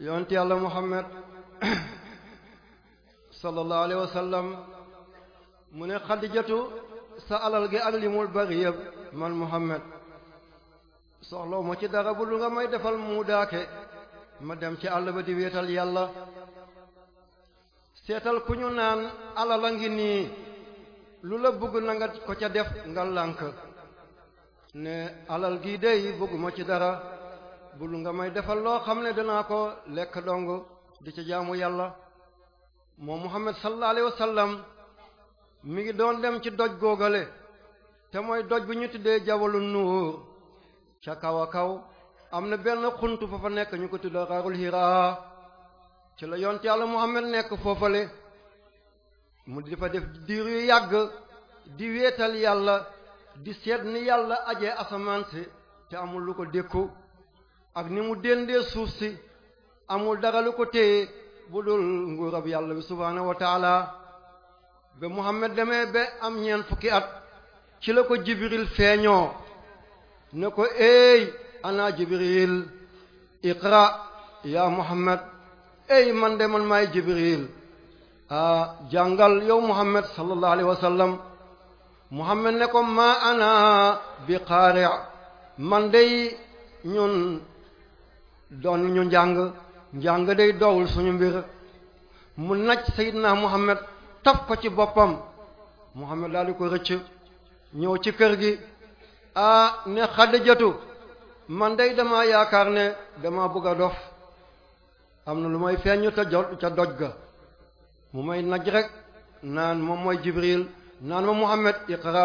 yonent àlla Muhammad sallallahu alayhi wa sallam mu ne xadijatu sa alal gi ak li mul bari man Muhammad soxlaw ci dara bu lu nga may defal mu daake ma dem ci àll ba di wéetal yàlla seetal ku ñu naan alal a ngi nii lu la bëgg na ko ca def nga lànk ne alal gi dey bëgguma ci dara bul nga may defal loo xam ne danaa ko lekk dong di ca jaamu yàlla moo Muhammad sallallahu alayhi wasallam mi ngi doon dem ci doj googale te mooy doj bi ñu tuddee jabalu nuur ca kaw a kaw am na benn xunt fa fa nekk ñu ko tuddee xarul hiraa ci la yont yàlla nekk foofale mu di fa def diir yu yàgg di weetal yàlla di seet ni yàlla ajee asamaan si te amul lu ko dékku ak ni mu dendee suuf si amul dara lu ko téye bu dul nguurab yàlla bi subhaanahu wa taala ba Muhammad demee ba am ñeent fukki at ci la ko Jibril feeñoo ne ko eey ana Jibril iqra ya Muhammad eey man de man maay Jibril jàngal yow Muhammad sallallahu alayhi wa sallam Muhammad ne ko ma ana bi qaari' man dey ñun doon ñu njàng njàng day dowul suñu mbir mu naj Seydina Muhammad taf ko ci boppam Muhammad daal di ko rëcc ñëw ci kër gi ah ne Xadijatu man day dama yaakaar ne dama bëgg a dof am na lu may feeñu te ca doj ga mu may naj rek naan moom mooy Jibril naan ma Muhammad iqra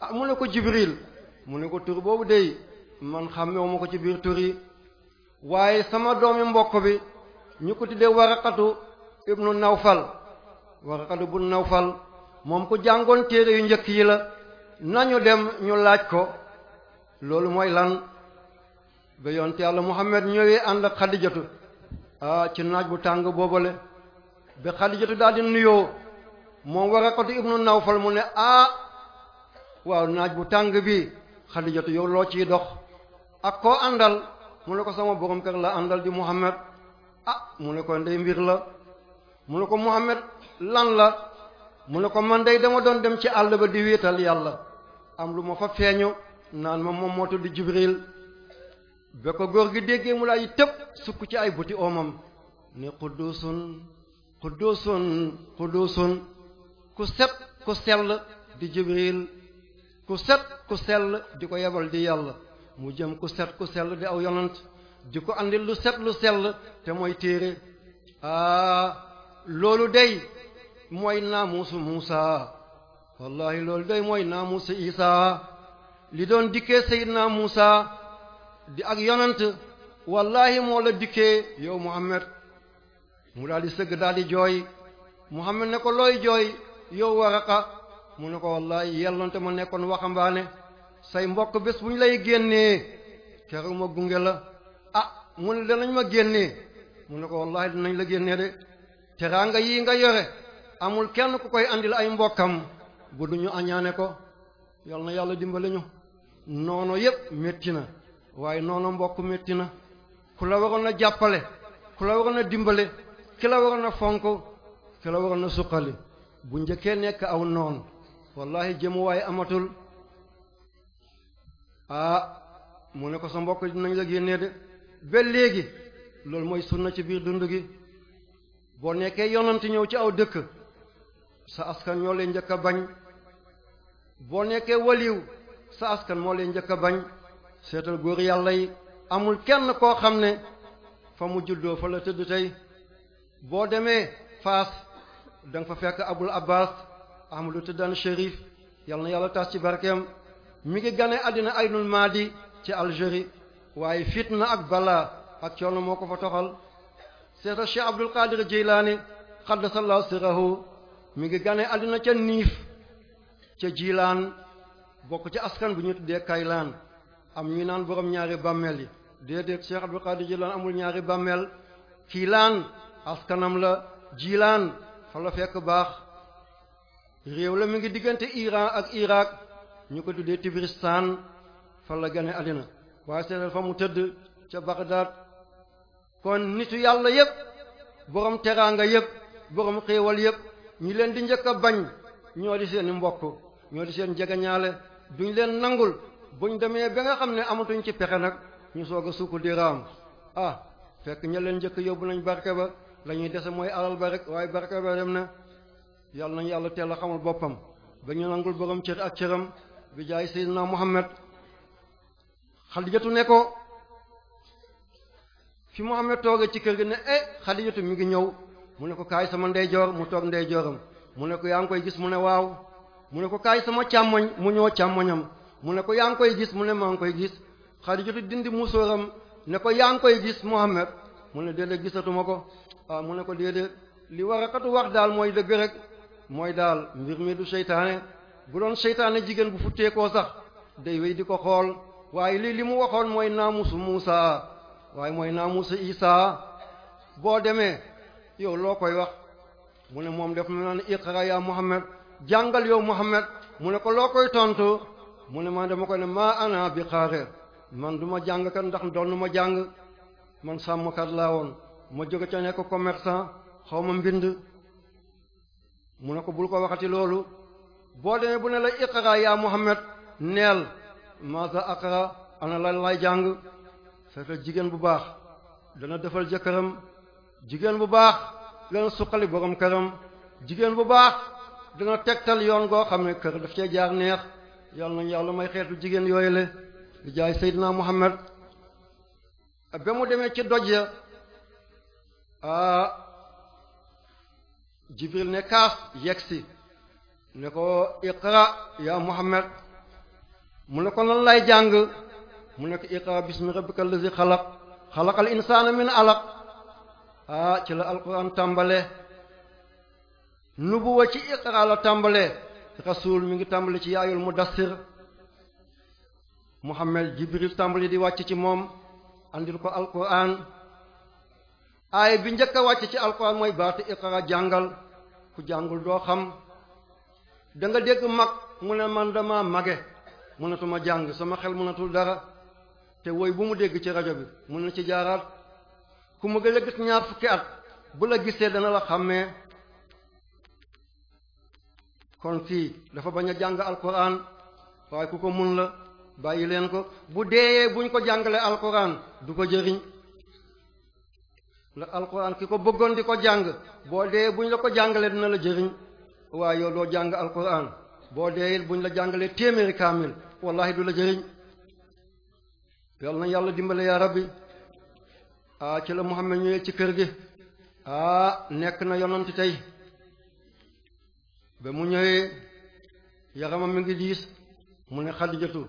ah mu ne ko Jibril mu ne ko tur boobu day man xàmmewu ma ko ci biir tur yi waaye sama doomi mbokk bi ñu ko tuddee waraqatu ibnu nawfal waraqatu bu nawfal moom ku jàngoon téere yu njëkk yi la nañu dem ñu laaj ko loolu mooy lan ba yonte yàlla Muhammad ñëwee ànd ak xadijatu ah ci naaj bu tàng boobale ba xadijatu daal di nuyoo moom waraqatu ibnu nawfal mu ne ah waaw naaj bu tàng bi xadijatu yow loo ciy dox ak koo àndal mu ne ko sama borom kër la àndal di Muhammad ah mu ne ko ndey mbir la mu ne ko Muhammad lan la mu ne ko man day dama doon dem ci àll ba di wéetal yàlla am lu ma fa feeñu naan ma moom moo di Jibril ba ko góor gi déggee mu laay tëb sukk ci ay buti oomam ne quddusun quddusun quddusun ku set ku sell di Jibril ku set ku sell di ko yebal di yàlla mu jëm ku set ku sell di aw yonant di ko andi lu set lu sell te mooy téere loolu day mooy naamuusu Muusa wallahi loolu day mooy naamuusu Isa li doon dikkee Seydina Muusa di ak yonant wallahi moo la dikkee mu Muhammad mu daal di sëgg daal di jooy Muhammad ne ko looy jooy yow Waraqa mu ne ko wallahi yelloonte ma nekkoon waxambaane say mbokk bés bu ñu lay génnee keroog ma gunge la a ah, mu ne danañ ma génnee mu ne ko wallahi danañ la génnee de teraanga yii nga yore amul kenn ku koy andil ay mbokkam bu duñu añaane ko yal na yàlla dimbali ñu noono yépp métti na waaye noono mbokk métti na ku la waroon a jàppale ku la waroon a dimbale ki la waroon a fonk ki la waroon a suqali bu njëkkee nekk aw noon wallahi jëmuwaay amatul ah mu ne ko sa mbokk dinañ la génnee de ba léegi loolu mooy sunna ci biir dund gi boo nekkee yonante ñëw ci aw dëkk sa askan ñoo leen njëkk a bañ boo nekkee waliw sa askan moo leen njëkk a bañ seetal góor yàlla yi amul kenn koo xam ne fa mu juddoo fa la tëdd tey boo demee Faas da nga fa fekk Abul Abbas Ahmadu Tijaan Chérif yal na yàlla taas ci barkeem mi ngi gane àddina aynul maadi ci Algérie waaye fitna ak balaa ak coono moo ko fa toxal seeta Cheikh Abdul Qadir Jilani xaddasallahu sirahu mi ngi gane àddina ca niif ca jilaan bokk ci askan bu ñu tuddee kaylaan am ñu naan borom ñaari bàmmeel yi déedéet Cheikh Abdul Qadir Jilani amul ñaari bàmmeel kiilaan askanam la jilaan fa la fekk baax réew la mi ngi diggante Iran ak Irak ñu ko tuddee Tibiristan fa la gane àddina waaye seetal fa mu tëdd ca Bagdad kon nitu yàlla yëpp borom teraanga yëpp borom xéewal yëpp ñi leen di njëkk a bañ ñoo di seen mbokk ñoo di seen jegeñaale duñ leen nangul buñ demee ba nga xam ne amatuñ ci pexe nag ñu soog a sukk di raam ah fekk ña leen njëkk yóbbu nañ barke ba la dese mooy alal ba rek waaye barke ba dem na yàlla nañ yàlla teel a xamul boppam ba ñu nangul borom cër ak cëram bi jaay seydina muhammad xadijatu ne ko fi muhammad tooge ci kër gi ne eh xadijatu mi ngi ñëw mu ne ko kaay sama ndeyjoor mu toog ndeyjooram mu ne ko yaa ngi koy gis mu ne waaw mu ne ko kaay sama càmmoñ mu ñëw càmmoñam mu ne ko yaa ngi koy gis mu ne maa ngi koy gis xadijatu dindi musóoram ne ko yaa ngi koy gis muhammad mu ne déedéet gisatuma ko ah mu ne ko déedéet li warakatu wax daal mooy dëgg rek mooy daal mbir mi du seytaane bu doon seytaane jigéen bu futteekoo sax day wéy di ko xool waaye lii li mu waxoon mooy naamusu Muusa waaye mooy naamusu Isa boo demee yow loo koy wax mu ne moom def na naan iqra ya Muhammad jàngal yow Muhammad mu ne ko loo koy tontu mu ne man dama koy ne maa ana bi xaare man du ma jàng kat ndax doon ma jàng man sàmmkat laa woon ma jóge ca nekk commerçant xaw ma mbind mu ne ko bul ko waxati loolu boo demee bu ne la iqra yaa Muhammad neel maasa aqra ana lay jàng feetal jigéen bu baax dana defal jëkkëram jigéen bu baax dana suqali borom këram jigéen bu baax dana tegtal yoon goo xam ne kër daf cee jaar neex yàlla nañu yàlla may xeetu jigéen yooyu le di jaay Seydina Muhammad ba mu demee ci doj ya ah Jibril ne kaas yegsi ne ko iqra ya muhammad mu ne ko lan lay jàng mu ne ko iqra bismi rabbikal ladhi xalaq xalaqal insana min alaq ah ci la alquran tàmbale nubuwa ci iqra la tàmbale rasul mi ngi tàmbale ci yaayul mudassir muhammad jibril tàmbale di wàcc ci moom andil ko alquran aaya bi njëkk a wàcc ci alquran mooy baatu iqra jàngal ku jàngul doo xam da nga dégg mag mu ne man dama mage mënatuma jàng sama xel mënatul dara te woy bu mu dégg ci rajo bi mën na ci jaaraat ku mu gën a gis ñaar fukki at bu la gisee dana la xàmmee kon fii dafa bañ a jàng alquran waaye ku ko mun la bàyyi leen ko bu deeyee buñ ko jàngalee alquran du ko jëriñ la alquran ki ko bëggoon di ko jàng boo deeyee buñ la ko jàngalee dina la jëriñ waaye yow doo jàng alquran boo deeyil buñ la jàngalee téeméeri kaamil wallahi du la jëriñ yal yàlla dimbale yaa rabbi ah ci la Muhammad ñëwee ci kër gi ah nekk na yonent tey ba mu ñëwee yaramam mi ngi diis mu ne Xadijatu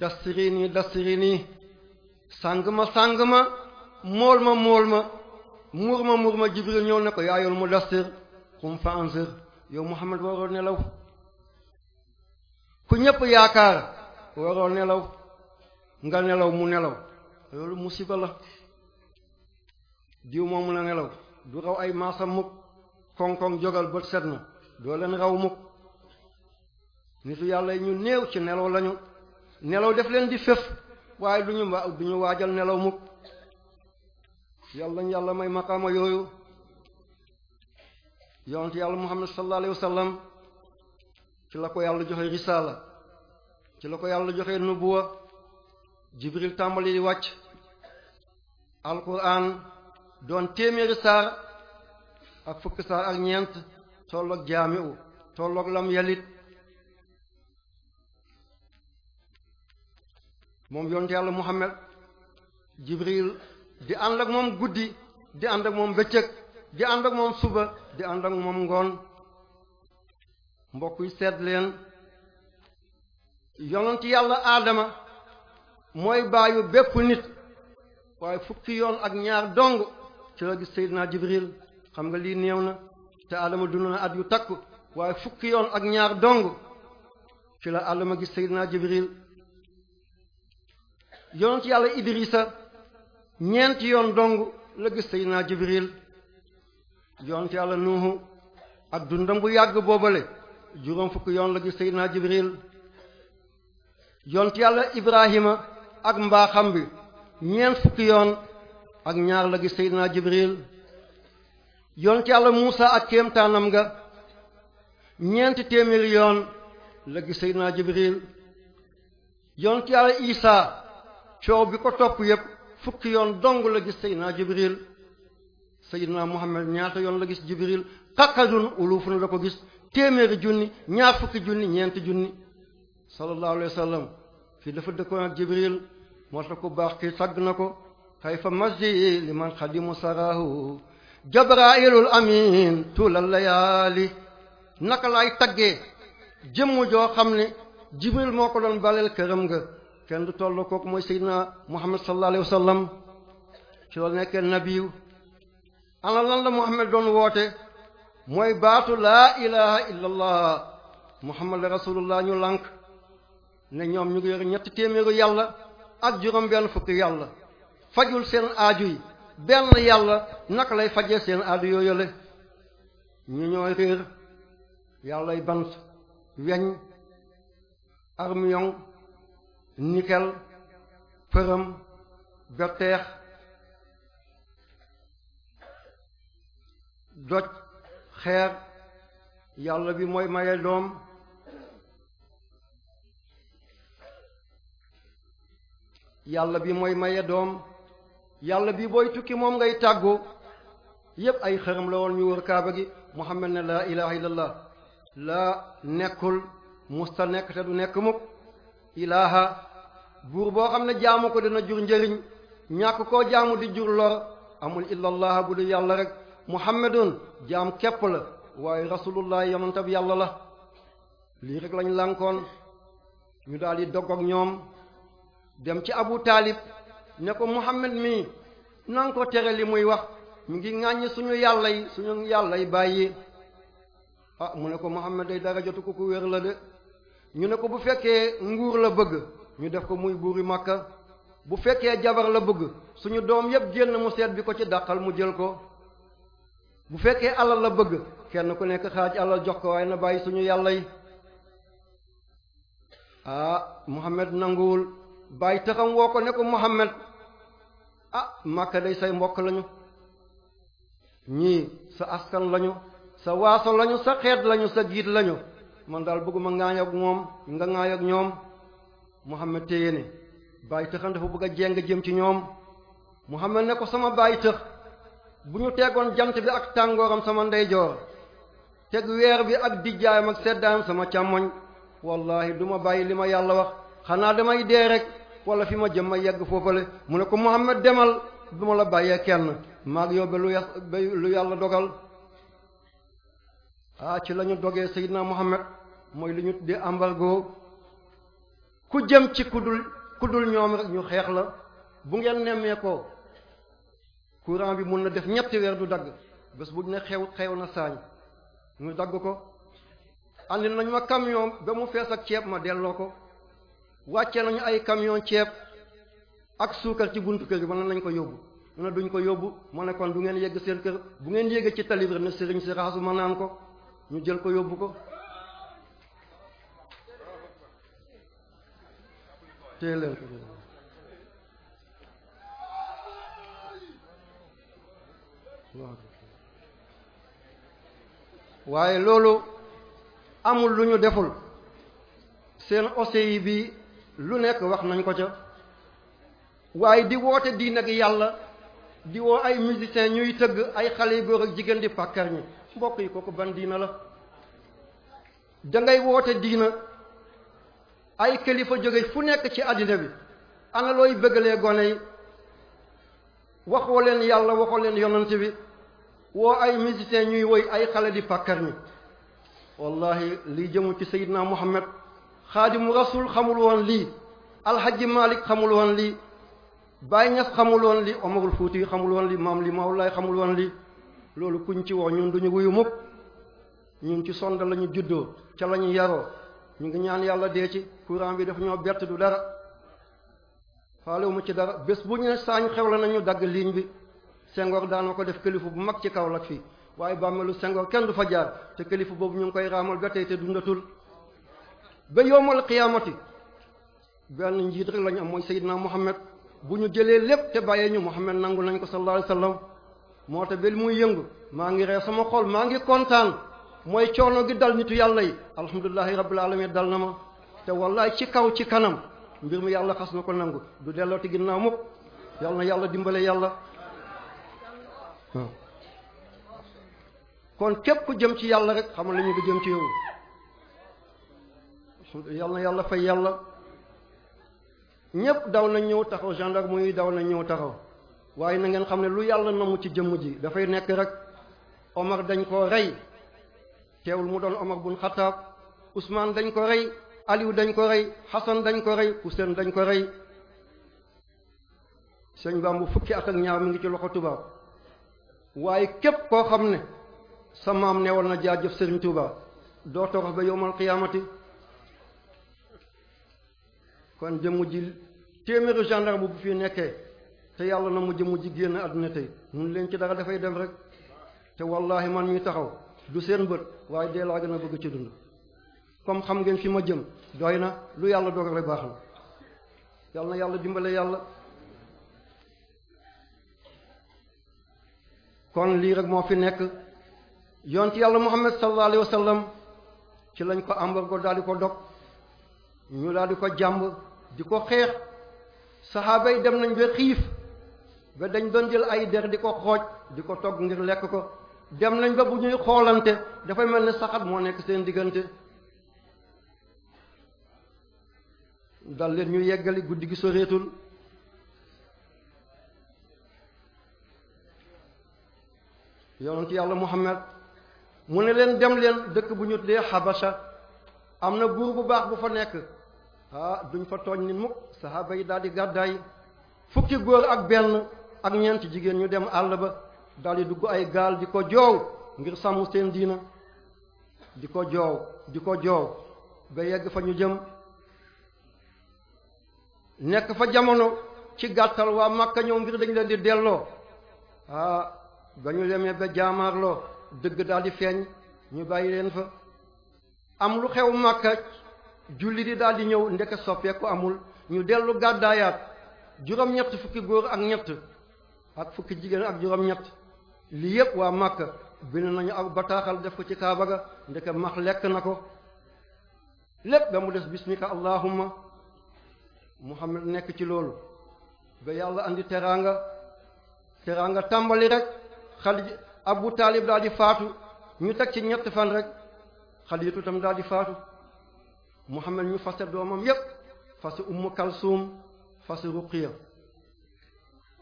dastiri nii dastiri nii sàng ma sàng ma mool ma mool ma muur ma muur ma Jibril ñëw ne ko yaayool mu dastir xum fa ansir yow Muhammad waroo nelaw ku ñëpp yaakaar waroo nelaw nga nelaw mu nelaw loolu musiba la diw moomu la nelaw du raw ay maasa mukk koŋ-koŋ jógal bët set na doo leen raw mukk nitu yàlla ñu néew ci nelaw lañu nelaw def leen di fef waaye du ñu ñu waajal nelaw mukk yàlla ñu yàlla may maqaama yooyu yonent yàlla Muhammad sallallahu alayhi wasallam ci la ko yàlla joxe risaala ci la ko yàlla joxe nubuwa jibril tàmbali di wàcc alquran doon téeméeri saar ak fukki saar ak ñeent tolloog jaami'u tolloog lam yalit moom yonent yàlla Muhammad jibril di ànd ak moom guddi di ànd ak moom bëccëg di ànd ak moom suba di ànd ak moom ngoon mbokk yi seet leen yonent yàlla aadama mooy baayu bépp nit waaye fukki yoon ak ñaar dong ci la gis Seydina Jibril xam nga lii néew na te aadama dund na at yu takku waaye fukki yoon ak ñaar dong ci la aadama gis Seydina Jibril yonent yàlla Idrissa ñeenti yoon dong la gis Seydina Jibril yonent yàlla nuuhu ak dundam bu yàgg boobale juróom fukk yoon la gis seydina jibril yonent yàlla ibrahima ak mbaaxam bi ñeent fukki yoon ak ñaar la gis seydina jibril yonent yàlla muusa ak kéemtaanam nga ñeenti téeméeri yoon la gis seydina jibril yonent yàlla isa coow bi ko topp yépp fukki yoon dong la gis seydina jibril sayyidina Muhammad ñaata yoon la gis Jibril kakadun ulufu na la ko gis téeméeri junni ñaar fukki junni ñeenti junni sallallahu alayhi wasallam fii dafa dëkkoon ak Jibril moo tax baax ki tagg na ko kayfa mazdi liman xadimu sarahu jabrailul amin tulal layaali naka laay taggee jëmm joo xam ne Jibril moo ko doon baleel këram nga kenn du toll kooku mooy sayyidina Muhammad sallallahu alayhi wasallam ci loolu nekkee nabiyu ana lan la Muhammad doon woote mooy baatu laa ilaha illallah Muhammad rasulullah ñu lànk ne ñoom ñu ngi yor ñetti téeméeru yàlla ak juróom benn fukki yàlla fajul seen aaju yi benn yàlla naka lay fajee seen aaju yooyale ñu ñooy réer yàllay bant weñ armion nikel përëm betteex doj xeer yàlla bi mooy maye doom yàlla bi mooy maye doom yàlla bi booy tukki moom ngay tàggu yépp ay xëram la woon ñu wër kaaba gi Muhammad ne laa ilaha illallah laa nekkul musta nekk te du nekk mukk ilaha buur boo xam ne jaamu ko dina jur njëriñ ñàkk koo jaamu di jur lor amul illallah bu du yàlla rek muhammadun jaam képp la waaye rasulullah yonentab yàlla la lii rek lañ lànkoon ñu daal di dog ak ñoom dem ci abu taalib ne ko muhammad mii nanga ko tere li muy wax mu ngi ŋàññi suñu yàlla yi suñu yàlla yi bàyyi ah mu ne ko muhammad day dara jotu ko ku wér la de ñu ne ko bu fekkee nguur la bëgg ñu def ko muy buuri makka bu fekkee jabar la bëgg suñu doom yépp génn mu seet bi ko ci dàqal mu jël ko bu fekkee alal la bëgg kenn ku nekk xaaj alal jox ko waaye na bàyyi suñu yàlla yi ah Muhammad nanguwul bàyyi taxam woo ko ne ko Muhammad ah Makka day say mbokk lañu ñii sa askan lañu sa waaso lañu sa xeet lañu sa giit lañu man daal bëgguma ŋaay ak moom nga ŋaay ñoom Muhammad téye ne bàyyi taxam dafa bëgg a jéng jëm ci ñoom Muhammad ne ko sama bàyyi tax bu ñu tegoon jant bi ak tàngooram sama ndeyjoor teg weer bi ak dijjaayam ak seddaayam sama càmmoñ wallahi du ma bàyyi li ma yàlla wax xanaa damay dee rek wala fi ma jëm ma yegg foofale mu ne ko Muhammad demal du ma la bàyyee kenn maag yow ba lu ya yàlla dogal ah ci lañu ñu dogee Seydina Muhammad mooy li ñu di embargo ku jëm ci kudul kudul ñoom rek ñu xeex la bu ngeen nemmee ko courant bi mun na def ñetti weer du dagg bés bu ne xew xew na saañ ñu dagg ko andi nañu ma camion ba mu fees ak ceeb ma delloo ko wàccee nañu ay camion ceeb ak suukar ci buntu kër bi mën nañ ko yóbbu mu ne duñ ko yóbbu ma ne kon du ngeen yegg seen kër bu ngeen yegg ci tali bi ne sëriñ si raxasu ma naan ko ñu jël ko yóbbu ko téye leen ko waaye loolu amul lu ñu deful seen OCI bi lu nekk wax nañ ko ca waaye di woote di nag yàlla di woo ay musiciens ñuy tëgg ay xale yu góor ak jigéen di pàkkar ñi mbokk yi kooku ban diina la dangay woote diina ay kilifa jóge fu nekk ci àddina bi ana looy bëggalee gone yi waxoo leen yàlla waxoo leen yonent bi woo ay musiciens ñuy woy ay xale di pàkkar ñi wallahi lii jëmu ci Seydina Muhammad xaadimu rasul xamul woon lii alxaji Malik xamul woon lii Baye Niass xamul woon lii Omarul Fuuti xamul woon lii maam li Mawlaay xamul woon lii loolu kuñ ci woo ñun duñu wuyu mukk ñun ci sonda lañu juddoo ca lañu yaroo ñu ngi ñaan yàlla dee ci courant bi daf ñoo bett du dara faalewu mu ci dara bés bu ñu ne saañ xew la nañu dagg ligne bi Senghor daana ko def kilifu bu mag ci Kaolack fii waaye bàmmeelu Senghor kenn du fa jaar te kilifu boobu ñu ngi koy raamal ba tey te dundatul ba yowmal xiyaamati benn njiit rek lañu am mooy Seydina Muhammad bu ñu jëlee lépp te bàyyee ñu Muhammad nangu nañ ko sallallahu alayhi wasallam moo tax ba muy yëngu maa ngi ree sama xol maa ngi kontaan mooy coono gi dal nitu yàlla yi alhamdulillahi rabbil alamin dal na ma kaw ci kanam mbir mi yàlla xas na ko nangu du delloo ti ginnaaw mukk yàlla na yàlla dimbale yàlla kon képp ku jëm ci yàlla rek xamal la ñu jëm ci yow yàlla na yàlla fay yàlla ñépp daw nañ ñëw taxaw gendarme yi daw na ñëw taxaw waaye nangeen xam ne lu yàlla namm ci jëmm ji dafay nekk rek Omar dañ ko rey teewul mu doon Omar bun Xattaab Ousmane dañ ko rey Aliou dañ ko rey Hassan dañ ko rey Hussein dañ ko rey sëñ Bamba fukki at ak ñaar mu ngi ci loxo tubaab waaye képp koo xam ne sa maam ne woon na jaajëf Serigne Touba doo torox ba yowmal qiyaamati kon jëmm ji téeméeri gendarme bu fi nekkee te yàlla na mu jëmm ji génn àdduna tey mun leen ci dara dafay dem rek te wallahi man mi taxaw du seen bët waaye dee laa gën a bëgg ci dund comme xam ngeen fi ma jëm doy na lu yàlla dogale baax na yàlla yàlla dimbale yàlla kon lii rek moo fi nekk yoon ci yàlla muhammad sallallahu alayhi wa sallam ci lañ ko embargo daal di ko dog ñu daal di ko jàmb di ko xeex saxaaba dem nañ ba xiif ba dañ doon jël ay der di ko xooj di ko togg ngir lekk ko dem nañ ba bu ñuy xoolante dafay mel ni saxat moo nekk seen diggante dal leen ñu yeggali guddi gi soreetul yonent yàlla muhammad mu ne leen dem leen dëkk bu ñu dee xabasa am na buur bu baax bu fa nekk ah duñ fa tooñ ni mukk sahaaba yi daal di gàddaay fukki góor ak benn ak ñeenti jigéen ñu dem àll ba daal dugg ay gaal di ko joow ngir sàmm seen diina di ko joow di ko joow ba yegg fa ñu jëm nekk fa jamono ci gàttal waa Makka ñëw ngir dañu leen di delloo ah ba lemee ba jaamaarloo dëgg daal di feeñ ñu bàyyi leen fa am lu xew Makka julli di daal di ñëw ndeke soppeeku amul ñu dellu gàddaayaat juróom-ñett fukki góor ak ñett ak fukki jigéen ak juróom-ñett lii yëpp waa Makka bind nañu ak bataaxal def ko ci Kaaba ga ndeke max lekk na ko lépp ba mu des bismika allahumma Muhammad nekk ci loolu ba yàlla andi teraanga teraanga tàmbali rek Xadija Abu Taalib daal di faatu ñu teg ci ñett fan rek Xadijatu tam daal di faatu Muhammad ñu fase doomam yépp fase Ummu Kalsuum fase Ruqiya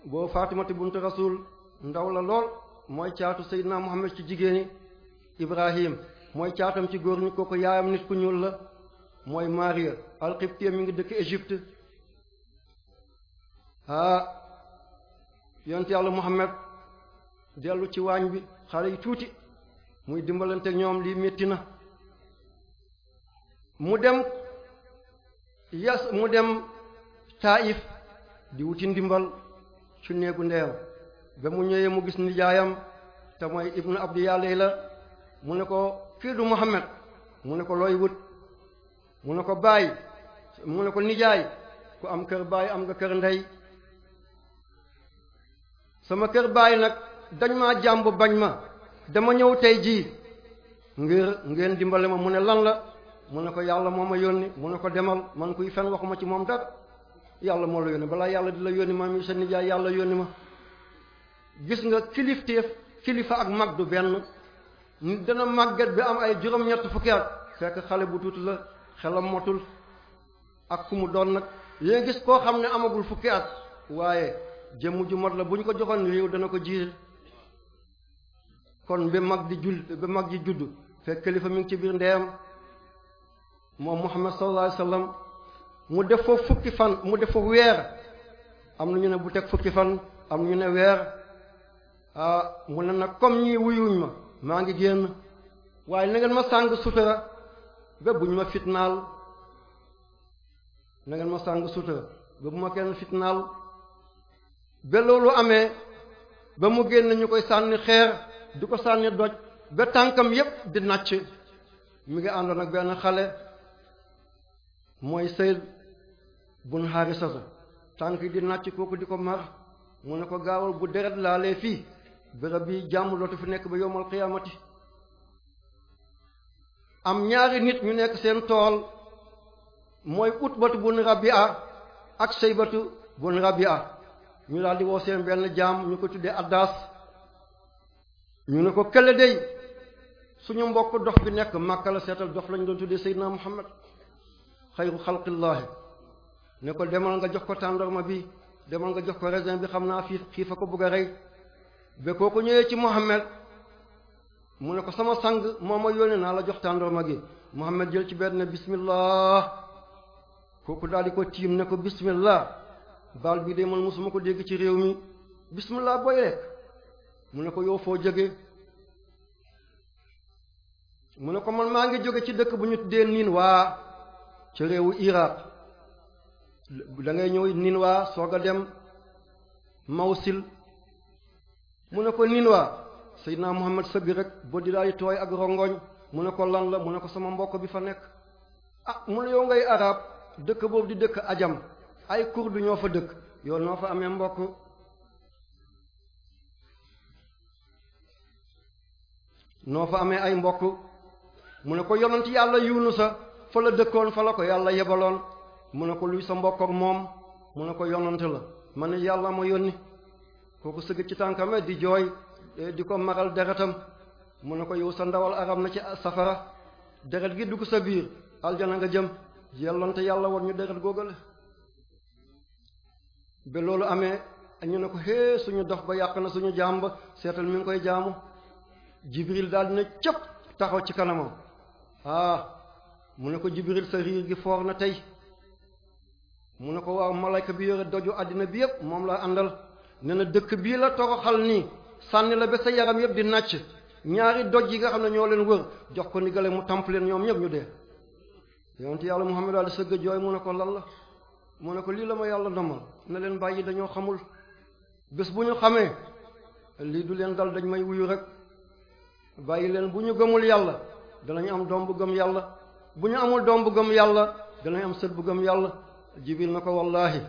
boo Faatimatu buntu Rasuul ndaw la lool mooy caatu Seydina Muhammad ci jigéeni Ibrahim mooy caatam ci góor ñi kooku yaayam nit ku ñuul la mooy Maria alxibtiya mi ngi dëkk Égypte ah yonent yàlla Muhammad dellu ci waañ bi xale yi tuuti muy dimbalante ñoom lii métti na mu dem yas mu dem Taif di wuti ndimbal ci néegu ndeyam ba mu ñëwee mu gis nijaayam te mooy ibnu abdi yàlla la mu ne ko kii du Muhammad mu ne ko looy wut mu ne ko baay mu ne ko nijaay ku am kër baay am nga kër ndey sama kër bàyyi nag dañ ma jàmb bañ ma dama ñëw tey jii ngir ngeen dimbale ma mu ne lan la mu ne ko yàlla moo ma yónni mu ne ko demal man kuy fen waxuma ci moom dara yàlla moo la yónni balaa yàlla di la yónni ma mi sa nijaay yàlla yónni ma gis nga kilifteef kilifa ak mag du benn nit dana màgget bi am ay juróom-ñett fukki at fekk xale bu tuuti la xelam motul ak ku mu doon nag yéen gis koo xam ne amagul fukki at waaye jëmm ju mot la bu ñu ko joxoon réew dana ko jiir kon ba mag di jul ba mag ji judd fekk kilifa mi ngi ci biir ndeyam moom Muhammad sallallahu alayhi wasallam mu def foofu fukki fan mu def foofu weer am na ñu ne bu teg fukki fan am na ñu ne weer ah mu ne nag comme ñii wuyuñ ma maa ngi génn waaye na ma sàng sutura ba bu ñu ma fitnaal na ngeen ma sàng sutura ba bu ma kenn fitnaal ba loolu amee ba mu génn ñu koy sànni xeer di ko sànni doj ba tànkam yépp di nàcc mi ngi àndoon ak benn xale mooy Sayd bun Harisata tànk yi di nàcc kooku di ko mar mu ne ko gaawal bu deret laalee fii bérab bi jàmm dootu fi nekk ba yomal xiyaamati am ñaari nit ñu nekk seen tool mooy Utbatu bun Rabia ak Saybatu bun Rabia ñu daal di woo seen benn jaam ñu ko tuddee addaas ñu ne ko kële day suñu mbokk dox bi nekk Makka la seetal dox lañ doon tuddee Seydina Muhammad xayru xalqillaahi ne ko demal nga jox ko tàndarma bi demal nga jox ko raisin bi xam naa fii xiifa ko bëgg a rey ba ko ñëwee ci Muhammad mu ne ko sama sang moo ma yónnee naa la jox tàndarma gi Muhammad jël ci benn bismillah kooku daal di ko tiim ne ko bismillah baal bii de man mosuma ko dégg ci réew mi bismillah booy lekk mu ne ko yow foo jóge mu ne ko man maa ngi jóge ci dëkk bu ñu tuddee Ninwa ci réewu Irak dangay ñëw Ninwa soog a dem Mawsil mu ne ko Ninwa Seydina Muhammad sëgg rek boo di daal di tooy ak rongoñ mu ne ko lan la mu ne ko sama mbokk bi fa nekk ah mu ne yow ngay arab dëkk boobu di dëkk ajam ay kurdu ñoo fa dëkk yow noo fa amee mbokk noo fa amee ay mbokk mu ne ko yonent yàlla yunusa fa la dëkkoon fa la ko yàlla yebaloon mu ne ko luy sa mbokk ak moom mu ne ko yonent la man yàlla ma yónni kooku sëgg ci tànkame di jooy e, di ko maral deretam mu ne ko yow sa ndawal arab na ci safara deret gi dugg sa biir aljana nga jëm yellonte yàlla war ñu deret googale ba loolu amee ñu ne ko hee suñu dox ba yàq na suñu jaam ba seetal mi koy jaamu jibril daal dina cëpp taxaw ci kanamam ah mu ne ko jibril sa riir gi foor na tey mu ne ko waaw malayka bi yore doju àddina bi yëpp moom laa àndal ne na dëkk bii la toroxal nii sànni la ba sa yaram yëpp di nàcc ñaari doj yi nga xam ne ñoo leen wër jox ko ni ndigale mu tàmp leen ñoom ñëpp ñu dee yonent yàlla Muhammad daal sëgg jooy mu ne ko lan la moo ne ko lii la ma yàlla namal na leen bàyyi dañoo xamul bés bu ñu xamee lii du leen dal dañ may wuyu rek bàyyi leen bu ñu gëmul yàlla danañ am doom bu gëm yàlla bu ñu amul doom bu gëm yàlla danañ am sët bu gëm yàlla jibril na ko wallahi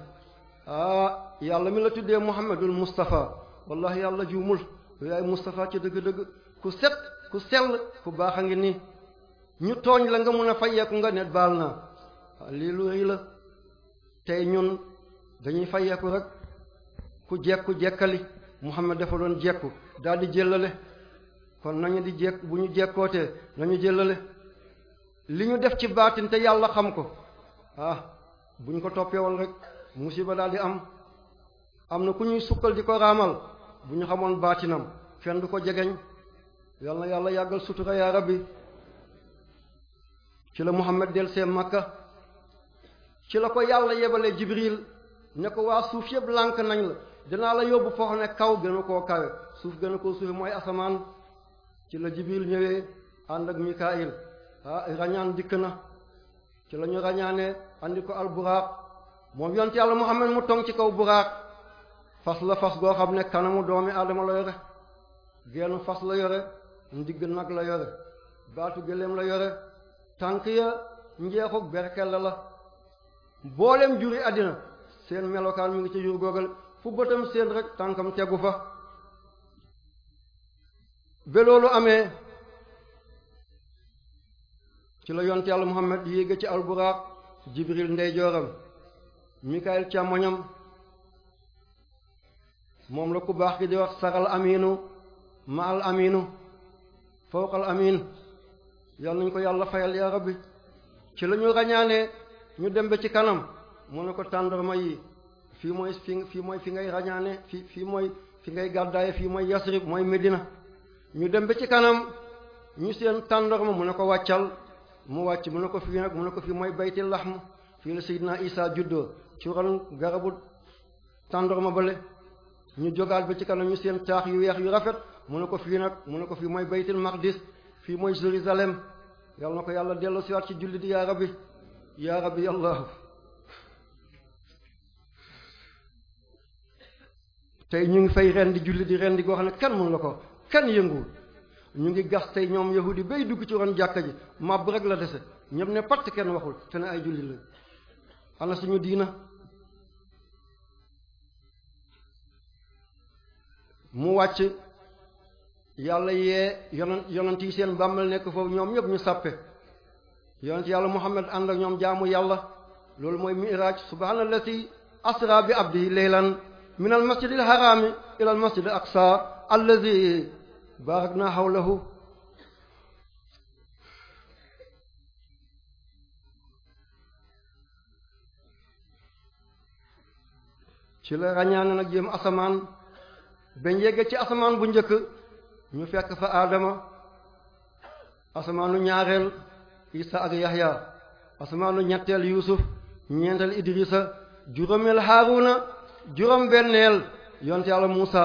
ah yàlla mi la tuddee muhammadul mustafa wallahi yàlla juumul yaay mustafa dëgg-dëgg ku set ku sell ku baax a ngi nii ñu tooñ la nga mun a fayeeku nga net baal naa lii lu rëy la tey ñun dañuy fa fayeeku rek ku jekku jekkali Muhammad dafa doon jekku daal di jëllale kon nañu di jekk bu ñu jekkootee nañu jëllale li ñu def ci baatin te yàlla xam ko ah bu ñu ko toppee woon rek musiba daal di am am na ku ñuy sukkal di ko raamal bu ñu xamoon baatinam fenn du ko jegeñ yal yàlla yàggal sutura yaa rabbi ci la Muhammad del see Makka ci la ko yàlla yebalee jibril ne ko waa suuf yëpp lànk nañ la dinaa la yóbbu foo ne kaw gën a koo kawe suuf gën koo suufe mooy asamaan ci la jibril ñëwee ànd ak mikaayil ah, rañaan dikk na ci la ñu rañaanee andi ko al buraaq moom yonte yàlla muhammad mu tong ci kaw buraaq fas la fas goo xam ne kanamu doomi aadama la yore genn fas la yore ndigg nag la yore baatu gëléem la yore tànk ya njeexu berkella la mboolem juri àddina seen melokaan mi ngi ci jur googal fu bëtam seen rek tànkam tegu fa ba loolu amee ci la yonte yàlla Muhammad yéege ci alburaaq Jibril ndeyjooram Mikaayil càmmoñam moom la ku baax ki di wax saral ma maal aminu fawqal amin yal nañu ko yàlla fayal yaa rabbi ci la ñu ñu dem ba ci kanam mu ne ko ma yi fii mooy fi fii mooy fi ngay rañaane fii fii mooy fi ngay gàddaaye fii mooy Yasrib mooy Medina ñu dem ba ci kanam ñu seen tàndarma mu ne ko wàccal mu wàcc mu ne ko fii nag mu ne ko fii mooy bayti laxm fii la Seydina Isa juddoo ci ron garabu tàndarma bale ñu jogaat bi ci kanam ñu seen taax yu weex yu rafet mu ne ko fii nag mu ne ko fii mooy baytil maqdis fii mooy Jérusalem yàlla na ko yàlla dellu siwaat ci julli di yaa rabbi yaa rabbi allah tey ñu ngi fay ren di julli di rendi goo xam ne kenn mënu la ko kenn yënguwul ñu ngi gas tey ñoom yahudi bay dugg ci ron jàkka ji màbb rek la dese ñëpp ne patt kenn waxul te ne ay julli la ana suñu diina mu wàcc yàlla yee yonent yonent yi seen bàmmeel nekk foofu ñoom ñëpp ñu sàppe yonent yàlla Muhammad ànd ak ñoom jaamu yàlla loolu mooy mi'raj subhaanallazi asra bi abdihi laylan min al masjidil haraami ila al masjidil aqsa allazi baarakna hawlahu ci la ràññaane nag jëm asamaan bañ yegge ci asamaan bu njëkk ñu fekk fa aadama asamaanu ñaareel isa ak yahya asmaanu ñetteel yusuf ñeenteel idrisa juróomeel haaruna juróom benneel yonte yàlla musa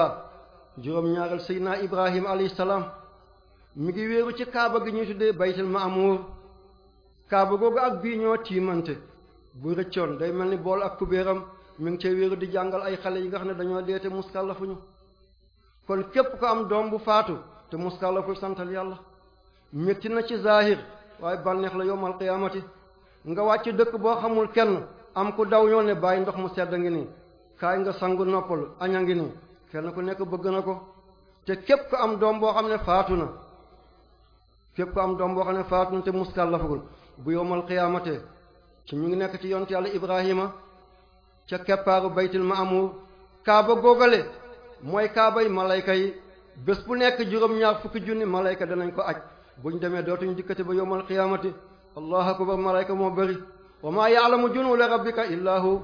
juróom ñaareel seydina ibrahim alayhi salaam mi ngi wéeru ci kaaba gi ñuy tuddee baytul ma'mur kaaba googu ak bii ñoo tiimante bu rëccoon day mel ni bool ak kubéeram mi ngi cee wéeru di jàngal ay xale yi nga xam ne dañoo deete muskallafuñu kon képp ko am doom bu faatu te muskallaful santal yàlla métti na ci zahir waaye bànneex la yowmal qiyaamati nga wàcc dëkk boo xamul kenn am ku daw ñoo ne bàyyi ndox mu sedd ngi nii kaay nga sangu noppalu aña ngi nii kenn ku nekk bëgg na ko te képp ko am doom boo xam ne faatu na képp ko am doom boo xam ne faatu na te muskallafagul bu yowmal qiyaamate ci ñu ngi nekk ci yonte yàlla ibrahima ca keppaaru baytil ma'mur kaaba góogale mooy kaabay malayka yi bés bu nekk juróom-ñaar fukki junni malayka danañ ko aj ñu demee dootuñ dikkati ba yawmal qiyaamati allahu akbar malayka moo bëri wa maa ya'lamu junuuda rabbika illaa hu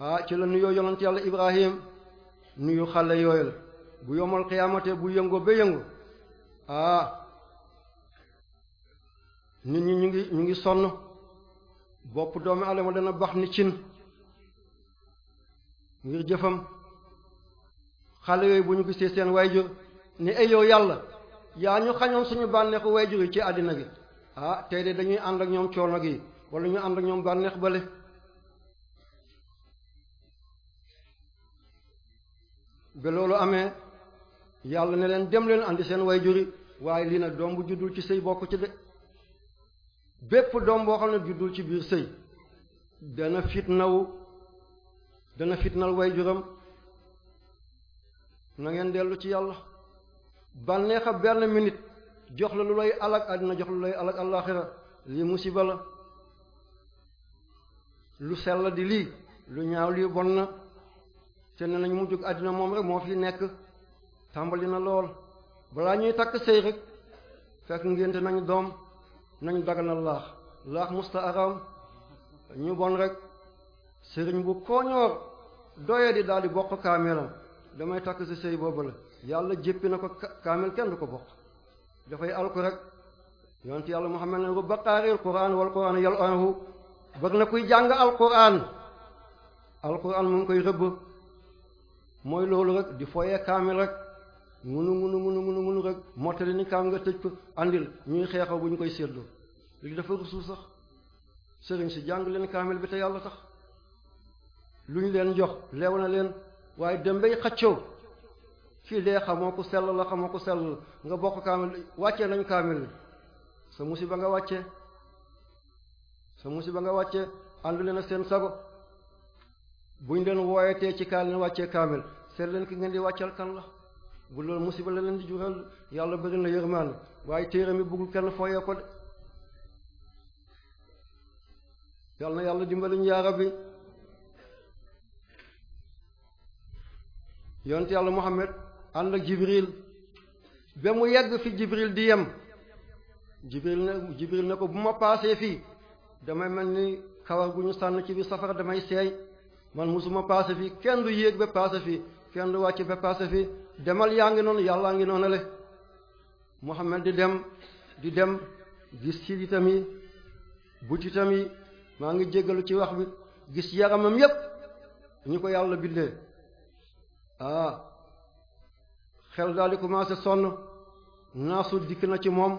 ah ci la nuyoo yonent yàlla ibrahim nuyu xale yooyu la bu yawmal qiyaamate bu yëngoo ba yëngu ah nit ñi ñu ngi ñu ngi sonn bopp doomi adama dana bax ni cin ngir jëfam xale yooyu bu ñu gisee seen waajur ni ay yow yàlla yaa ñu xañoon suñu bànneexu way yi ci àddina bi ah tey de dañuy ànd ak ñoom coono gi walla ñu ànd ak ñoom bànneex bële ba loolu amee yàlla ne leen dem leen andi seen way yi waaye lii nag doom bu juddul ci sëy bokk ci de bépp doom boo xam ne juddul ci biir sëy dana fitnawu dana fitnal wayjuram na ngeen dellu ci yàlla bànneex a benn minute jox la lu lay alak àddina jox la lu lay alak àllaxira lii musiba la lu sell di lii lu ñaaw lii bon na te ne nañu mu jóg àddina moom rek moo fi nekk tàmbali na lool balaa ñuy takk sëy rek fekk ngénte nañu doom nañu daganal laax laax musta aram ñu bon rek sëriñ bu koñoor doye di daal di bokk kaamee damay takk si sëy boobu la yàlla jéppi na ko kaamil kenn du ko bokk dafay alku rek yonent yàlla Muhammad ne rubba qaari'il qur'aan wal qur'aan yal anhu bëgg na kuy jàng alquran alquran mu ngi koy rëbb mooy loolu rek di foyee kaamil rek munu munu munu munu munu rek mottali ni kaam nga tëj ko àndil ñuy xeexaw bu ñu koy séddoo léegi dafa rusu sax sëriñ si jàng leen kaamil bi te yàlla tax lu ñu leen jox leew na leen waaye dem bay xaccoo kii dee xamoo ku sell la xamoo ku sell nga bokk kaamil wàccee nañ kaamil sa musiba nga wàccee sa musiba nga wàcce àndu leen seen sago buñ leen wooyatee ci kaani leen wàccee kaamil seet leen ki ngeen di wàccel kan la bu loolu musiba la leen di jural yàlla bëri na yërmaane waaye téere mi bëggul kenn fooyee ko de yàlla na yàlla dimbaliñ yaa rabbi yonent yàlla Muhammad ànd ak jibril ba mu yegg fi jibril di yem jibril ne jibril ko bu ma paasee fii damay mel ni xawar gu ñu sànn ci biir safara damay seey man musuma paase fii kenn du yéeg ba paase fii kenn du wàcc ba paase fii demal yaa ngi noonu yàllaa ngi noonu le Muhammad di dem di dem gis ci itam yi butitam yi maa ngi jéggalu ci wax bi gis yaramam yépp ñu ko yàlla bindee ah xel daal di commencé sonn naasu dikk na ci moom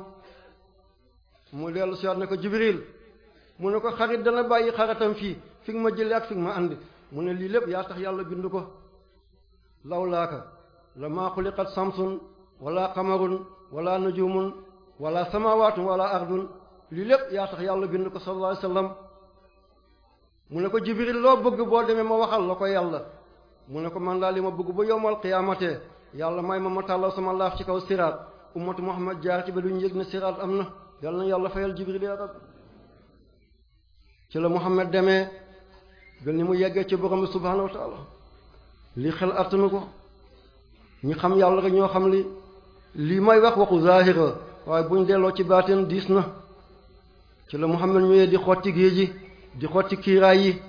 mu dellu siwaat na ko jibril mu ne ko xarit dana bàyyi xaritam fii fi nga ma jëlee ak fi nga ma ànd mu ne lii lépp yaa tax yàlla bind ko lawlaaka la maa xuliqat samsun wala qamarun wala nujumun wala samawaatun wala ardun lii lépp yaa tax yàlla bind ko sallallahu alayhi wasallam mu ne ko jibril loo bëgg boo demee ma waxal la ko yàlla mu ne ko man daal li ma bëgg ba yowmal qiyaamatee yàlla may ma ma tàllal sama laax ci kaw siraat ummatu muhammad jaar ci ba duñu yëg ne siraat am na yàlla na yàlla fayal jibril ya ci la muhammad demee ba ni mu yeggee ci borom bi subhaanahu wa taala xel attanu ko ñi xam yàlla rek ñoo xam li lii may wax waxu zahira waaye buñ delloo ci baatin diis na ci la muhammad ñëwee di xotti géej ji di xotti kiiraay yi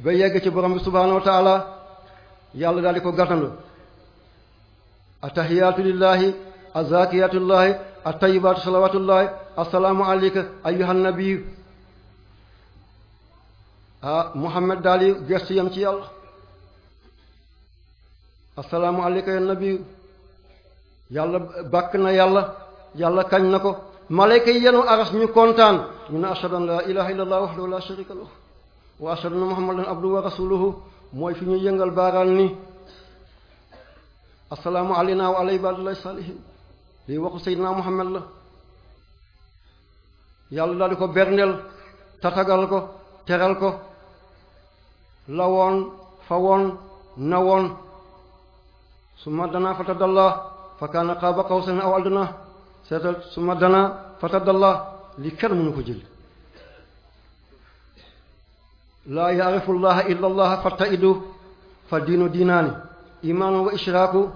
ba yegg ci borom bi subhaanahu wa yàlla daal di ko gàttanalu attahiyaatu lillahi azakiyatullahi attayibaatu salawatullahi assalaamu alayka ayyuhan nabiyyu ah Muhammad daal gestu yam ci yàlla assalaamu alayka ya nabiyyu yàlla bàkk na yàlla yàlla kañ na ko malayka yi yenu aras ñu kontaan ñu ne ashhadu an la ilaha illallah wahdahu la sharika lahu wa ashhadu anna muhammadan abduhu wa rasuluhu mooy fi ñuy yëngal baaraan ni assalaamu alayna wa ala ibadillahi salihin liy waxu seydinaa muhammad la yàlla daal di ko berndeel tatagal ko teral ko la woon fa woon na fa tadalla fa kaana qaaba qawsayn aw adnaa seetal summa danaa fa tadalla li kenn mënu ko jël laa yaarifu llaha illa allaha fattaidu fa diinu diinaani imaanu wa ishraaku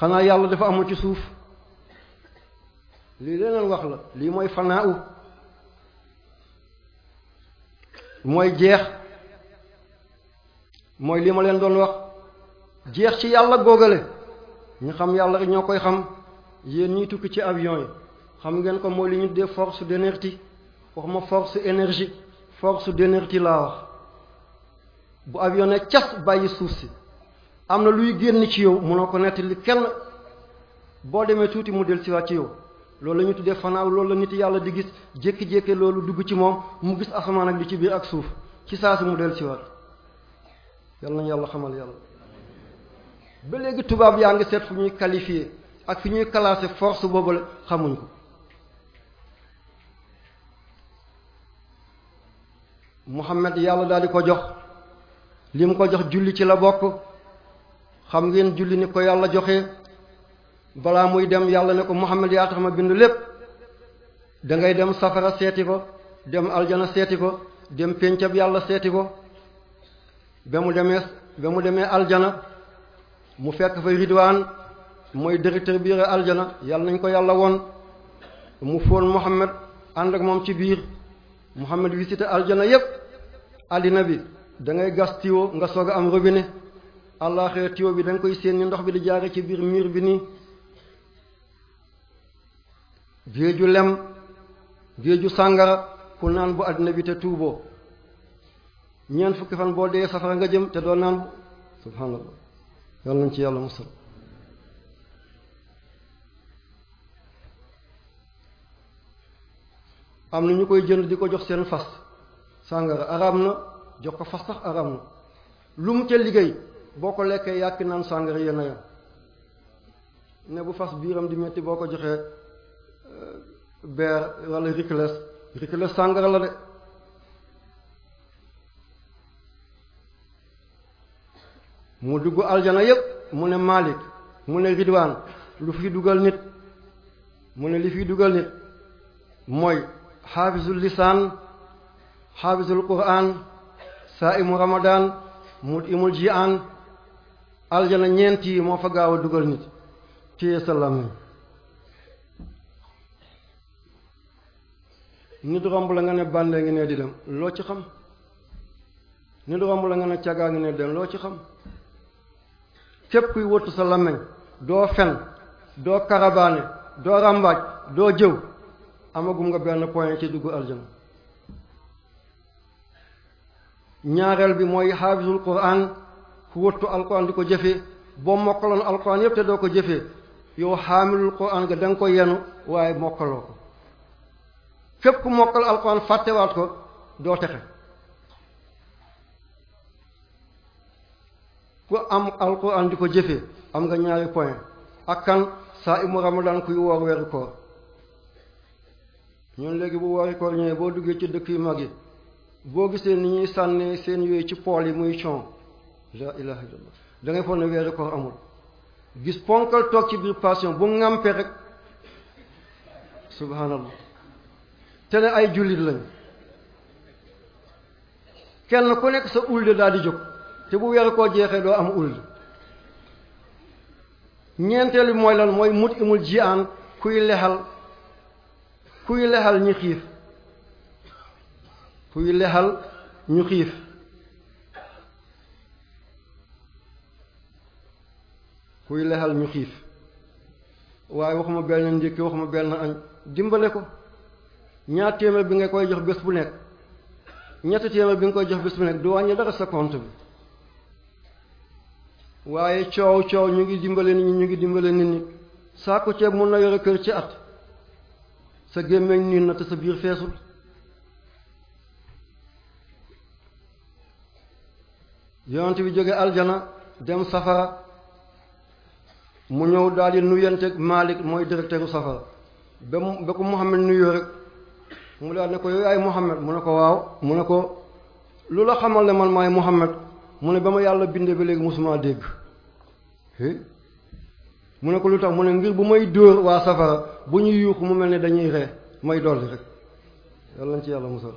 xanaa yàlla dafa amul ci suuf lii leneen wax la lii mooy fanaaw mooy jeex mooy lii ma leen doon wax jeex ci yàlla góogale ñu xam yàlla ñoo koy xam yéen ñuy tukki ci avion yi xam ngeen ko mooy li ñu dee force dénerti wax ma force énergie force d'inertie laa wax bu avion ne cas bàyyi suuf si am na luy génn ci yow mënoo ko nettali kenn boo demee tuuti mu del siwaat ci yow loolu lañu ñu tuddee fanaaw loolu la nit yàlla di gis jékki-jékki loolu dugg ci moom mu gis asamaan ak li ci biir ak suuf ci saa si mu del siwaat yàlla nañu yàlla xamal yàlla ba léegi tubaab yaa ngi seet fu ñuy qualifier ak fu ñuy classer force boobu la xamuñ Muhammad yàlla daal di ko jox li mu ko jox julli ci la bokk xam ngeen julli ni ko yàlla joxe balaa muy dem yàlla ne ko Muhammad yaa tax ma bind lépp da ngay dem safara seeti ko dem aljana seeti ko dem péncab yàlla seeti ko ba mu demee ba mu demee aljana mu fekk fa ridwaan mooy directeur biir aljana yàlla nañ ko yàlla woon mu fóon Muhammad ànd ak moom ci biir Muhammad visité aljana yépp àddina bi dangay ngay gas tiwo nga soog a am robinet àllaaxira tiwo bi danga koy séen ni ndox bi di jaare ci biir miir bi nii géeju lem géeju sàngara ku naan bu addina bi te tuuboo ñeent fukki fan boo dee safara nga jëm te doo naan subhaanallah yàlla nañ ci yàlla musal am na ñu koy jënd di ko jox seen fas sàngara araam na jox ko fas sax araam na lu mu ca liggéey boo ko lekkee yàkki naan sàngara yéen a yam ne bu fas biiram di metti boo ko joxee euh, beer wala rikles rikles sàngara la de mu dugg aljana yépp mu ne Malik mu ne Ridwaan lu fi dugal nit mu ne li fi dugal nit mooy xaafisul lisaan xaafisul quraan saa imu ramadaan mut imul ji aan aljana ñeent yi moo fa gaaw a dugal nit téye sa làmmiñ nit romb la nga ne bàndee ngi ne di dem loo ci xam nit romb la nga ne cagaa ngi ne dem loo ci xam képp kuy wëttu sa làmmiñ doo fen doo karabaane doo ràmbaaj doo jëw amagum nga benn point ci dugg aljana ñaareel bi mooy xaafisul quran ku wëttu alquran di ko jëfee boo mokkaloon alquran yëpp te doo ko jëfee yow xaamilul quran ga da ko yenu waaye mokkaloo ko képp ku mokkal alquran fàttewaat ko doo texe ku am alquran di ko jëfee am nga ñaari point ak kan saa imu ramadan kuy woor weeru koor ñun léegi bu woori koor ñëwee boo duggee ci dëkk yu mag yi boo gisee ni ñuy sànnee seen yooyu ci pool yi muy con la ilaha illallah da ngay foog ne weeru amul gis ponkal toog ci biir passion bu ŋàmpee rek subhanallah te ne ay jullit lañ kenn ku nekk sa ulde daal di jóg te bu weeru koor jeexee doo am ulde ñeenteel mooy lan mooy mut imul ji kuy lexal kuy lexal ñu xiif kuy lexal ñu xiif kuy lexal ñu xiif waaye waxuma benn ndékki waxuma benn añ dimbale ko ñaar téeméer bi nga koy jox bés bu nekk ñetti téeméer bi nga koy jox bés bu nekk du wàññi dara sa compte bi waaye coow coow ñu ngi dimbale nit ñi ñu ngi dimbale nit ñi saako ceeb mun na yore kër ci at sa gémmiñ niin na te sa biir feesul yonent bi jóge aljana dem safara mu ñëw daal di nuyanteeg Malik mooy directeuru safara ba mu ba ko Muhammad nuyoo rek mu daal ne ko yow yaay Muhammad mu ne ko waaw mu ne ko lu la xamal ne man maay Muhammad mu ne ba ma yàlla bindee ba léegi musuma dégg mu ne ko lu tax mu ne ngir bu may dóor waa safara bu ñu yuuxu mu mel ne dañuy ree may dolli rek yàlla na ci yàlla musal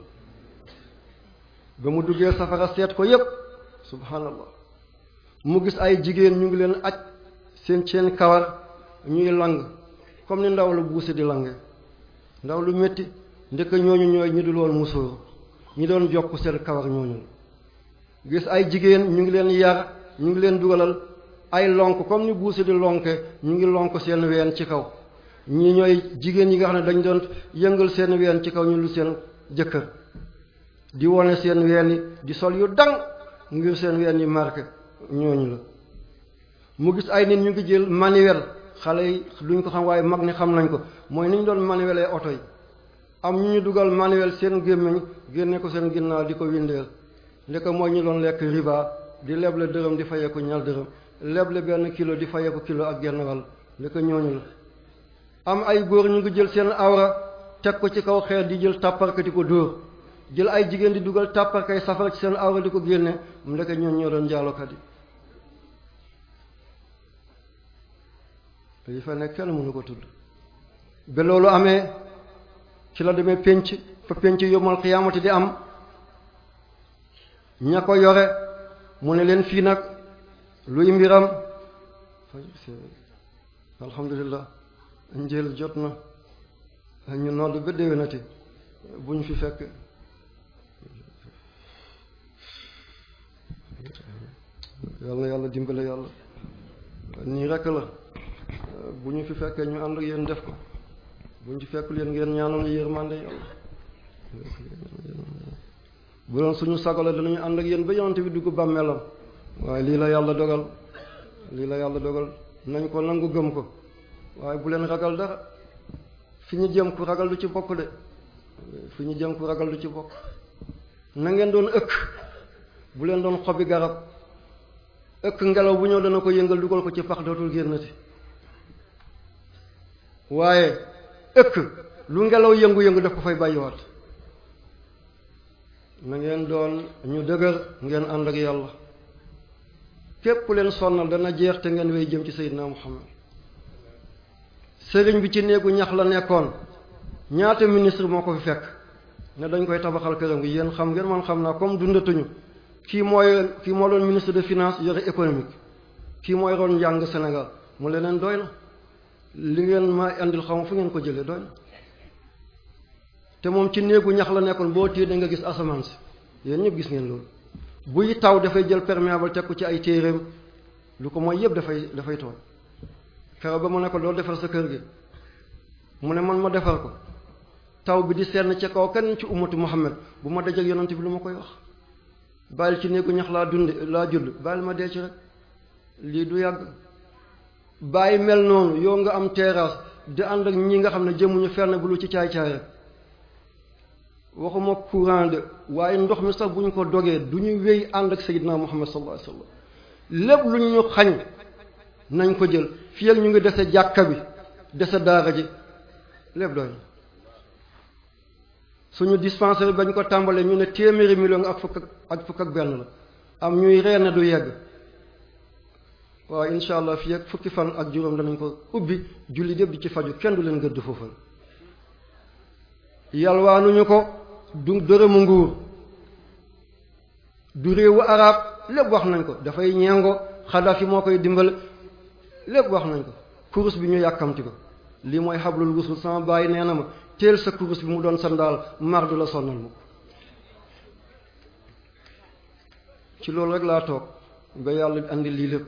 ba mu duggee safara seet ko yépp subhaanallah mu gis ay jigéen ñu ngi leen aj seen seen kawar ñuy lang comme ni ndaw lu buuse di lange ndaw lu métti ndekk ñooñu ñooy ñi du lool musóor ñi doon jokk seen kawar ñooñu gis ay jigéen ñu ngi leen yar ñu ngi leen dugalal ay lonk comme ni buusi di lonkee ñu ngi lonk seen ween ci kaw ñi ñooy jigéen ñi nga xam ne dañ doon yëngal seen ween ci kaw ñu lu seen jëkkër di wone seen ween yi di sol yu dang ngir seen ween yi marqué ñooñu la mu gis ay nit ñu ngi jël manuel xale yi duñ ko xam waaye mag ni xam nañ ko mooy ni ñu doon manuelee oto yi am ñu ñu dugal manuel seen gémmiñ génnee ko seen ginnaaw di ko windeel ndeka mooy ñu doon lekk riba di la dërëm di fayee ko ñaar dërëm leble benn kilo di fayeeku kilo ak genn wàll li ko ñooñu la am ay góor ñu ngi jël seen awra teg ko ci kaw xeer di jël tàpparka ko dóor jël ay jigéen di dugal tàpparkay safara ci seen awra di ko génne mu ndeke ñooñ ñoo doon njaalokat yi yi fa nekk kenn mënu ko tudd ba loolu amee ci la demee pénc fa pénc yomal xiyaamati di am ña ko yore mu ne leen fii nag luy mbiram alhamdulilah njël jot na ñu nodd ba déwénati bu ñu fi fekk yàlla yàlla dimbale yàlla nii rekk la bu ñu fi fekkee ñu ànd ak yéen def ko bu ñu fi fekkul yéen ngeen ñaanal yërmande yàlla bu doon suñu sago la danañu ànd ak yéen ba yonante bi dugg bàmmeelam waaye lii la yàlla dogal lii la yàlla dogal nañ ko nangu gëm ko waaye bu leen ragal dara fi ñu jëm ku ragal du ci bokk de fi ñu jëm ku ragal du ci bokk na ngeen doon ëkk bu leen doon xobi garab ëkk ngelaw bu ñëw dana ko yëngal dugal ko ci pax dootul génnati waaye ëkk lu ngelaw yëngu-yëngu daf ko fay bàyyiwaat na ngeen doon ñu dëgër ngeen ànd ak yàlla képp ku leen sonnal dana jeex te ngeen wéy jëm ci Seydina Muhammad sëriñ bi ci néegu ñax la nekkoon ñaata ministre moo ko fi fekk ne dañ koy tabaxal këram gi yéen xam ngeen man xam naa comme dundatuñu kii mooy kii moo doon ministre de finance yore économique kii mooy ron njàng Sénégal mu leneen doy na li ngeen ma indil xam fu ngeen ko jëlee doy na te moom ci néegu ñax la nekkoon boo téye da nga gis asamaan si yéen ñëpp gis ngeen loolu buy taw dafay jël perméable teg ko ci ay téereem lu ko mooy yëpp dafay dafay tooy kero ba mu ne ko loolu defar sa kër gi mu ne man ma defar ko taw bi di senn ca kaw kenn ci umatu Muhammad bu ma dajeg yonent bi lu ma koy wax bàyyil ci néegu ñax laa dund laa judd bàyyil ma dee rek lii du yàgg bàyyi mel noonu yow nga am terrasse di ànd ak ñi nga xam ne jëmuñu fenn bu lu ci caay-caay rek waxuma courant de waaye ndox mi sax bu ñu ko dogee du ñu wéy ànd ak sayyidina Muhammad sallallahu alayhi wasallam lépp lu ñu xañ nañ ko jël fi ak ñu ngi dese jàkka bi dese daara ji lépp doy suñu dispensaire bañ ko tàmbalee ñu ne téeméeri million ak fukk ak fukk ak benn la am ñuy reena du yegg waaye insha allah fii ak fukki fan ak juróom danañ ko ubbi julli yëpp di ci faju kenn du leen gëdd foofal yalwaanuñu ko du dërëmu nguur du réewu arab lépp wax nañ ko dafay ñengo Xadafi moo koy dimbale lépp wax nañ ko kurus bi ñu yàkkamti ko lii mooy xablul rusul sama bàyyi nee na ma teel sa kurus bi mu doon sa sandaal mar du la sonnal ma ci loolu rek laa toog ba yàlla andi lii lépp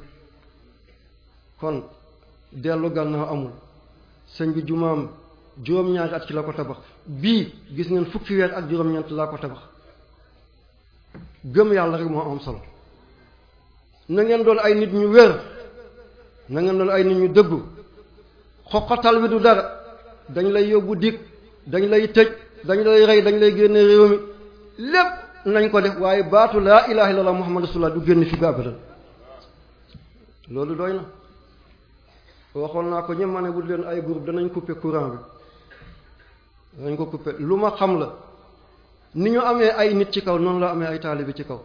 kon dellu gannaaw amul sëñ bi jumaam juróom-ñaari at ci la ko tabax bii gis ngeen fukki weer ak juróom-ñeent laa ko tabax gëm yàlla rek moo am solo na ngeen doon ay nit ñu wér na ngeen doon ay nit ñu dëgg xoqatal bi du dara dañ lay yóbbu dikk dañ lay tëj dañ lay rey dañ lay génne réew mi lépp nañ ko def waaye baatu laa ilaha illallah muhammad rasulullah du génn fi baabadal loolu doy na waxoon naa ko ñëpp ma ne leen ay groupe danañ couper courant bi dañ ko couper lu ma xam la ni ñu amee ay nit ci kaw noonu la amee ay taalibe ci kaw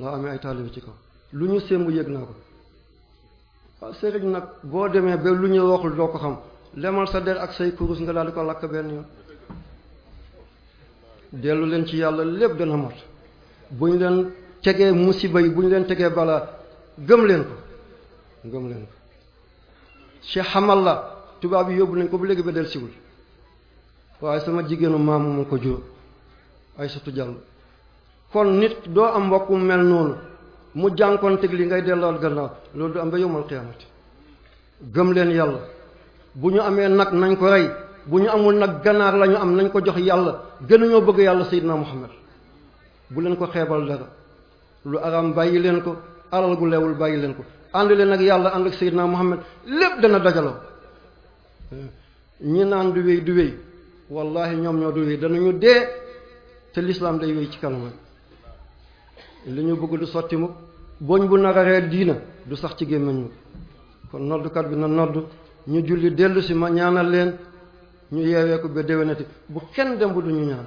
la amee ay taalibe ci kaw lu ñu sémbu yëg naa ko waaw sëriñ nag boo demee ba lu ñu waxul doo ko xam lemal sa der ak say kurus nga daal di ko lakk benn yoon dellu leen ci yàlla lépp dana mat bu ñu leen tegee musiba yi bu ñu leen tegee balaa gëm leen ko gëm leen ko Cheikh Hamalla tubaab yi yóbbu nañ ko bu léegi ba del siwul waaye sama jigéenu maamu moo ko jur ay sutu jàll kon nit doo am mbokk mu mel noonu mu jànkoonteeg li ngay delloo gannaaw loolu du am ba yomal xiyaamati gëm leen yàlla bu ñu amee nag nañ ko rey bu ñu amul nag ganaar lañu am nañ ko jox yàlla gën bëgg yàlla Seydina Muhammad bu leen ko xeebal dara lu araam bàyyi leen ko alal gu leewul bàyyi leen ko ànd leen ak yàlla ànd ak Seydina Muhammad lépp dana dajaloo ñi naan du wéy du wéy wallahi ñoom ñoo dul yi danañu dee te l'islam day wéy ci kanam li ñu bëgg du sotti mukk boñ bu nar a reer diina du sax ci gémmiñ mukk kon noddukat bi na noddu ñu julli dellu si ma ñaanal leen ñu yeewee ko ba déwénati bu kenn dem bu duñu ñaan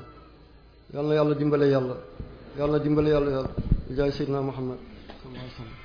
yàlla yàlla dimbale yàlla yàlla dimbale yàlla yàlla jaay seydinaa muhammad sallallahu